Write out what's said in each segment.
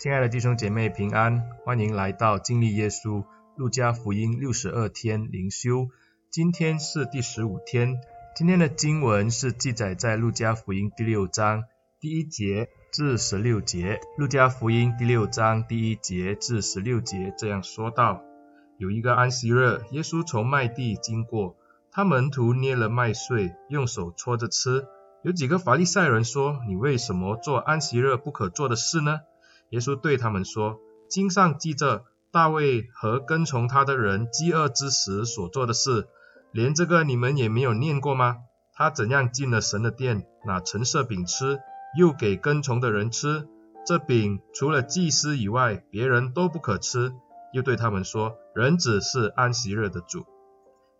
親愛的弟兄姐妹平安，歡迎來到經歷耶穌路加福音六十二天靈修。今天是第十五天，今天的經文是記載在路加福音第六章第一節至十六節。路加福音第六章第一節至十六節這樣說道：有一個安息日，耶穌從麥地經過，他門徒捏了麥穗，用手搓着吃。有幾個法利賽人說：“你為什麼做安息日不可做的事呢？”耶穌對他們說：“經上記着大衛和跟從他的人飢餓之時所做的事，連這個你們也沒有念過嗎？他怎樣進了神的殿，拿陳設餅吃，又給跟從的人吃，這餅除了祭司以外，別人都不可吃。又對他們說：人子是安息日的主。”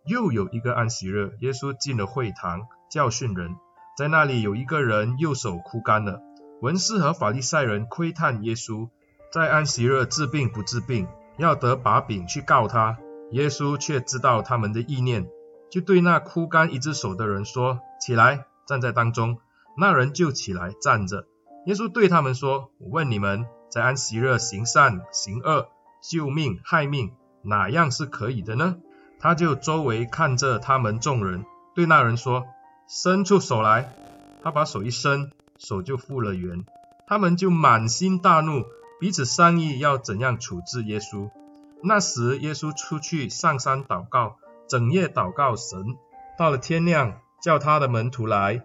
又有一個安息日，耶穌進了會堂教訓人，在那裡有一個人右手枯乾了。文士和法利賽人窺探耶穌，在安息日治病不治病，要得把柄去告他。耶穌卻知道他們的意念，就對那枯乾一只手的人說：“起來，站在當中。”那人就起來站着。耶穌對他們說：“我問你們，在安息日行善行惡、救命害命，哪樣是可以的呢？”他就周圍看着他們眾人，對那人說：“伸出手來。”他把手一伸。手就復了原，他們就滿心大怒，彼此商議要怎樣處置耶穌。那時，耶穌出去上山禱告，整夜禱告神。到了天亮，叫他的門徒來，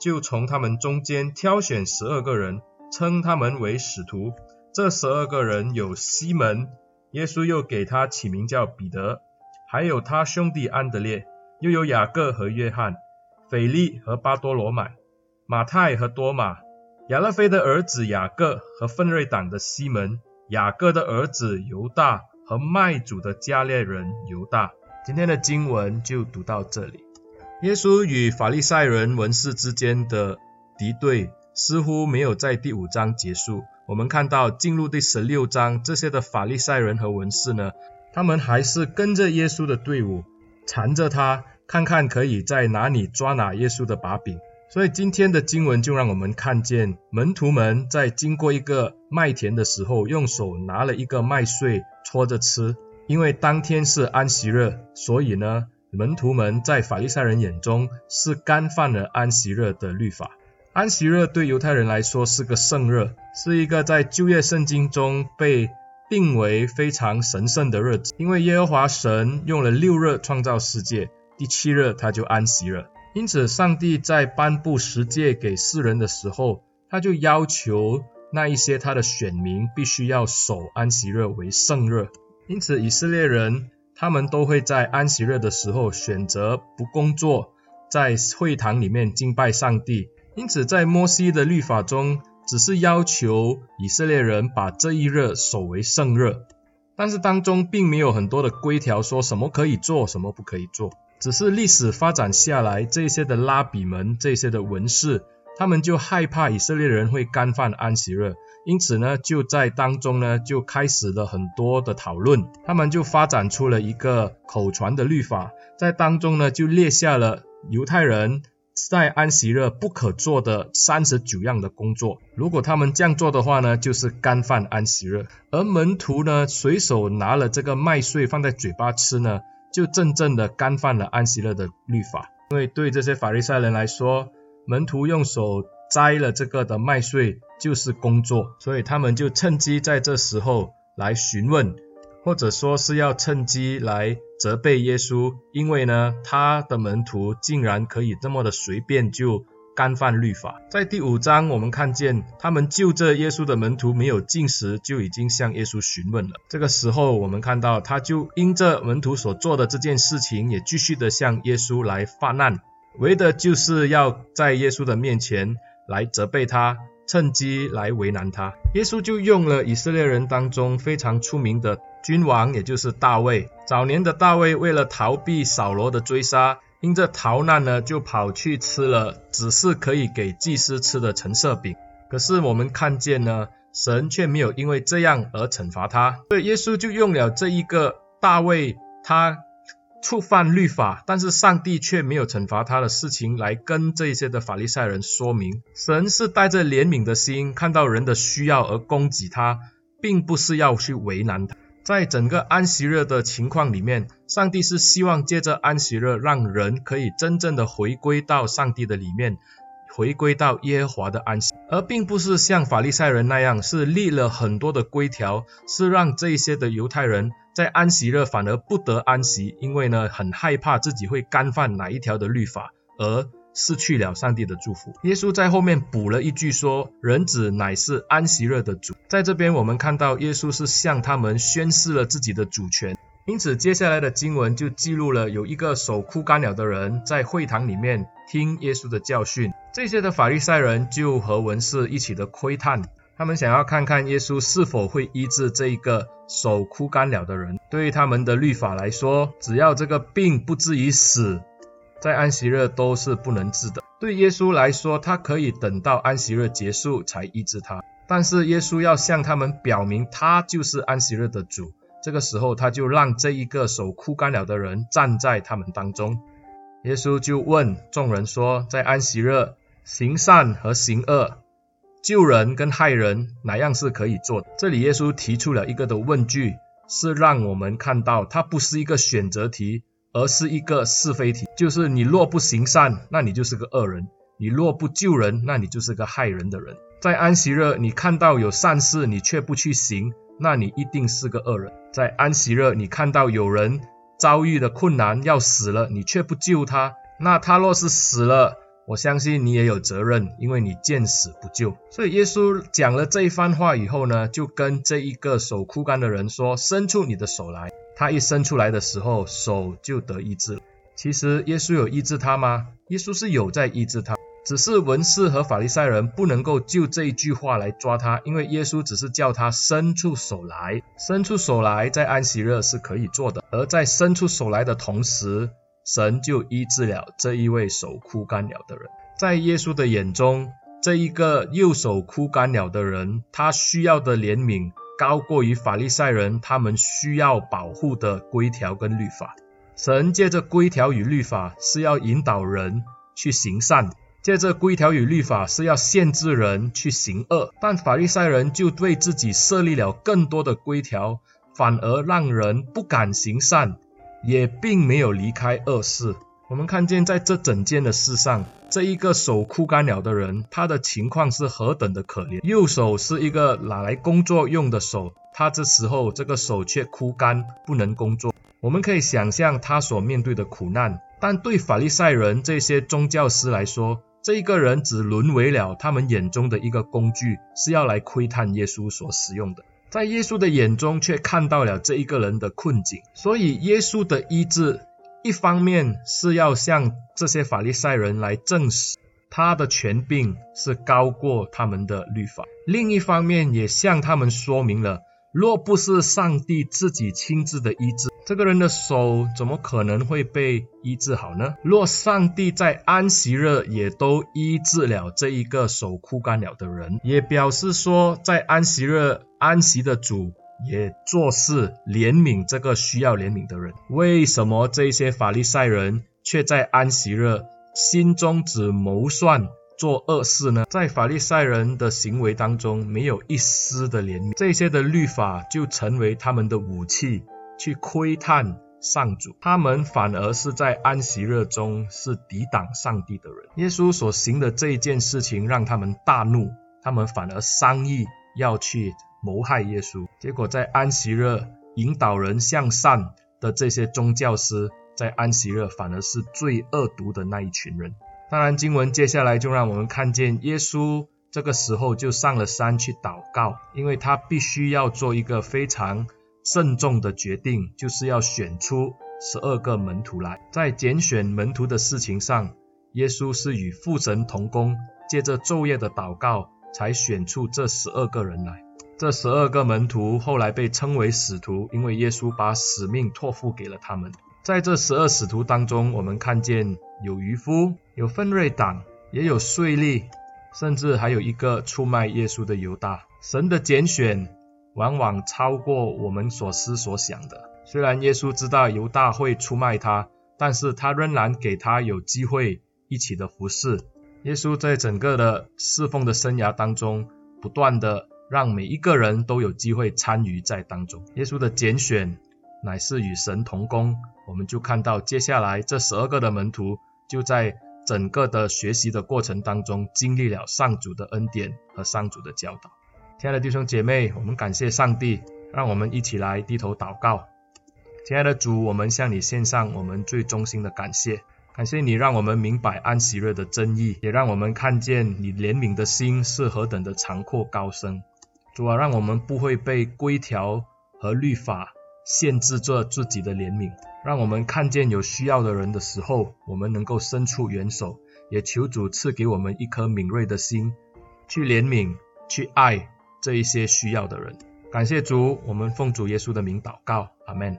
就從他們中間挑選十二個人，稱他們為使徒。這十二個人有西門，耶穌又給他起名叫彼得；還有他兄弟安德烈，又有雅各和約翰，腓力和巴多羅買。馬太和多馬，亞勒腓的兒子雅各和奮銳黨的西門，雅各的兒子猶大和賣主的加略人猶大。今天的經文就讀到這裡。耶穌與法利賽人文士之間的敵對似乎沒有在第五章結束。我們看到進入第十六章，這些的法利賽人和文士呢，他們還是跟着耶穌的隊伍，纏着他，看看可以在哪裡抓拿耶穌的把柄。所以今天的經文就讓我們看見門徒們在經過一個麥田的時候，用手拿了一個麥穗搓着吃。因為當天是安息日，所以呢，門徒們在法利賽人眼中是干犯了安息日的律法。安息日對猶太人來說是個聖日，是一個在舊約聖經中被定為非常神聖的日子。因為耶和華神用了六日創造世界，第七日他就安息了。因此，上帝在頒布十誡給世人的時候，他就要求那一些他的選民必須要守安息日為聖日。因此，以色列人他們都會在安息日的時候選擇不工作，在會堂裡面敬拜上帝。因此，在摩西的律法中，只是要求以色列人把這一日守為聖日，但是當中並沒有很多的規條說什麼可以做，什麼不可以做。只是歷史發展下來，這些的拉比們，這些的文士，他們就害怕以色列人會乾犯安息日。因此呢，就在當中呢，就開始了很多的討論，他們就發展出了一個口傳的律法，在當中呢，就列下了猶太人在安息日不可做的三十九樣的工作，如果他們這樣做的話呢，就是乾犯安息日。而門徒呢，隨手拿了這個麥穗放在嘴巴吃呢，就真正，正的干犯了安息日的律法，因為對這些法利賽人來說，門徒用手摘了這個的麥穗就是工作，所以他們就趁機在這時候來詢問，或者說是要趁機來責備耶穌，因為呢，他的門徒竟然可以這麼的隨便就。干犯律法，在第五章，我們看見他們就著耶穌的門徒沒有禁食，就已經向耶穌詢問了。這個時候，我們看到他就因著門徒所做的這件事情，也繼續的向耶穌來發難，為的就是要在耶穌的面前來責備他，趁機來為難他。耶穌就用了以色列人當中非常出名的君王，也就是大衛。早年的大衛為了逃避掃羅的追殺。因着逃難呢，就跑去吃了只是可以給祭司吃的陳設餅。可是我們看見呢，神卻沒有因為這樣而懲罰他。所以耶穌就用了這一個大衛他觸犯律法，但是上帝卻沒有懲罰他的事情來跟這些的法利賽人說明，神是帶着憐憫的心，看到人的需要而供給他，並不是要去為難他。在整個安息日的情況裡面，上帝是希望借着安息日讓人可以真正的回歸到上帝的裡面，回歸到耶和華的安息，而並不是像法利賽人那樣是立了很多的規條，是讓這些的猶太人在安息日反而不得安息，因為呢，很害怕自己會干犯哪一條的律法，而。失去了上帝的祝福。耶穌在後面補了一句說：“人子乃是安息日的主。”在這邊，我們看到耶穌是向他們宣示了自己的主權。因此，接下來的經文就記錄了有一個手枯乾了的人在會堂裡面聽耶穌的教訓。這些的法利賽人就和文士一起的窺探，他們想要看看耶穌是否會醫治這一個手枯乾了的人。對於他們的律法來說，只要這個病不至於死。在安息日都是不能治的。對耶穌來說，他可以等到安息日結束才醫治他。但是耶穌要向他們表明，他就是安息日的主。這個時候，他就讓這一個手枯乾了的人站在他們當中。耶穌就問眾人說：“在安息日行善和行惡，救人跟害人，哪樣是可以做的？”這裡耶穌提出了一個的問句，是讓我們看到，它不是一個選擇題。而是一個是非題，就是你若不行善，那你就是個惡人；你若不救人，那你就是個害人的人。在安息日，你看到有善事，你卻不去行，那你一定是個惡人。在安息日，你看到有人遭遇的困難要死了，你卻不救他，那他若是死了，我相信你也有責任，因為你見死不救。所以耶穌講了這一番話以後呢，就跟這一個手枯乾的人說：“伸出你的手來。”他一伸出來的時候，手就得醫治。其實耶穌有醫治他嗎？耶穌是有在醫治他，只是文士和法利賽人不能夠就這一句話來抓他，因為耶穌只是叫他伸出手來，伸出手來在安息日是可以做的。而在伸出手來的同時，神就醫治了這一位手枯乾了的人。在耶穌的眼中，這一個右手枯乾了的人，他需要的憐憫高過於法利賽人他們需要保護的規條跟律法。神借着規條與律法是要引導人去行善，借着規條與律法是要限制人去行惡。但法利賽人就對自己設立了更多的規條，反而讓人不敢行善，也並沒有離開惡事。我們看見，在這整件的事上，這一個手枯乾了的人，他的情況是何等的可憐。右手是一個拿來工作用的手，他這時候這個手卻枯乾，不能工作。我們可以想象他所面對的苦難。但對法利賽人這些宗教師來說，這一個人只淪為了他們眼中的一個工具，是要來窺探耶穌所使用的。在耶穌的眼中，卻看到了這一個人的困境。所以，耶穌的醫治。一方面是要向這些法利賽人來證實他的權柄是高過他們的律法，另一方面也向他們說明了，若不是上帝自己親自的醫治，這個人的手怎麼可能會被醫治好呢？若上帝在安息日也都醫治了這一個手枯乾了的人，也表示說在安息日安息的主。也做事憐憫這個需要憐憫的人。為什麼這些法利賽人卻在安息日心中只謀算做惡事呢？在法利賽人的行為當中，沒有一絲的憐憫。這些的律法就成為他們的武器，去窺探上主。他們反而是在安息日中是抵擋上帝的人。耶穌所行的這一件事情讓他們大怒，他們反而商議要去。謀害耶穌，結果在安息日引導人向善的這些宗教師，在安息日反而是最惡毒的那一群人。當然，經文接下來就讓我們看見，耶穌這個時候就上了山去禱告，因為他必須要做一個非常慎重的決定，就是要選出十二個門徒來。在揀選門徒的事情上，耶穌是與父神同工，借着晝夜的禱告才選出這十二個人來。這十二個門徒後來被稱為使徒，因為耶穌把使命托付給了他們。在這十二使徒當中，我們看見有漁夫，有奮銳黨，也有稅吏，甚至還有一個出賣耶穌的猶大。神的揀選往往超過我們所思所想的。雖然耶穌知道猶大會出賣他，但是他仍然給他有機會一起的服侍。耶穌在整個的侍奉的生涯當中，不斷的。讓每一個人都有機會參與在當中。耶穌的揀選乃是與神同工，我們就看到接下來這十二個的門徒就在整個的學習的過程當中，經歷了上主的恩典和上主的教導。親愛的弟兄姐妹，我們感謝上帝，讓我們一起來低頭禱告。親愛的主，我們向你獻上我們最衷心的感謝，感謝你讓我們明白安息日的真意，也讓我們看見你憐憫的心是何等的長闊高深。主啊，讓我們不會被規條和律法限制着自己的憐憫，讓我們看見有需要的人的時候，我們能夠伸出援手，也求主賜給我們一顆敏銳的心，去憐憫、去愛這一些需要的人。感謝主，我們奉主耶穌的名禱告，阿門。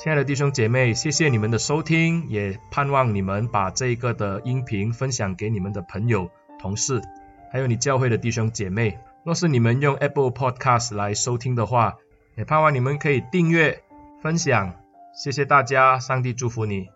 親愛的弟兄姐妹，謝謝你們的收聽，也盼望你們把這一個的音頻分享給你們的朋友、同事，還有你教會的弟兄姐妹。若是你們用 Apple Podcast 來收聽的話，也盼望你們可以訂閱、分享，謝謝大家，上帝祝福你。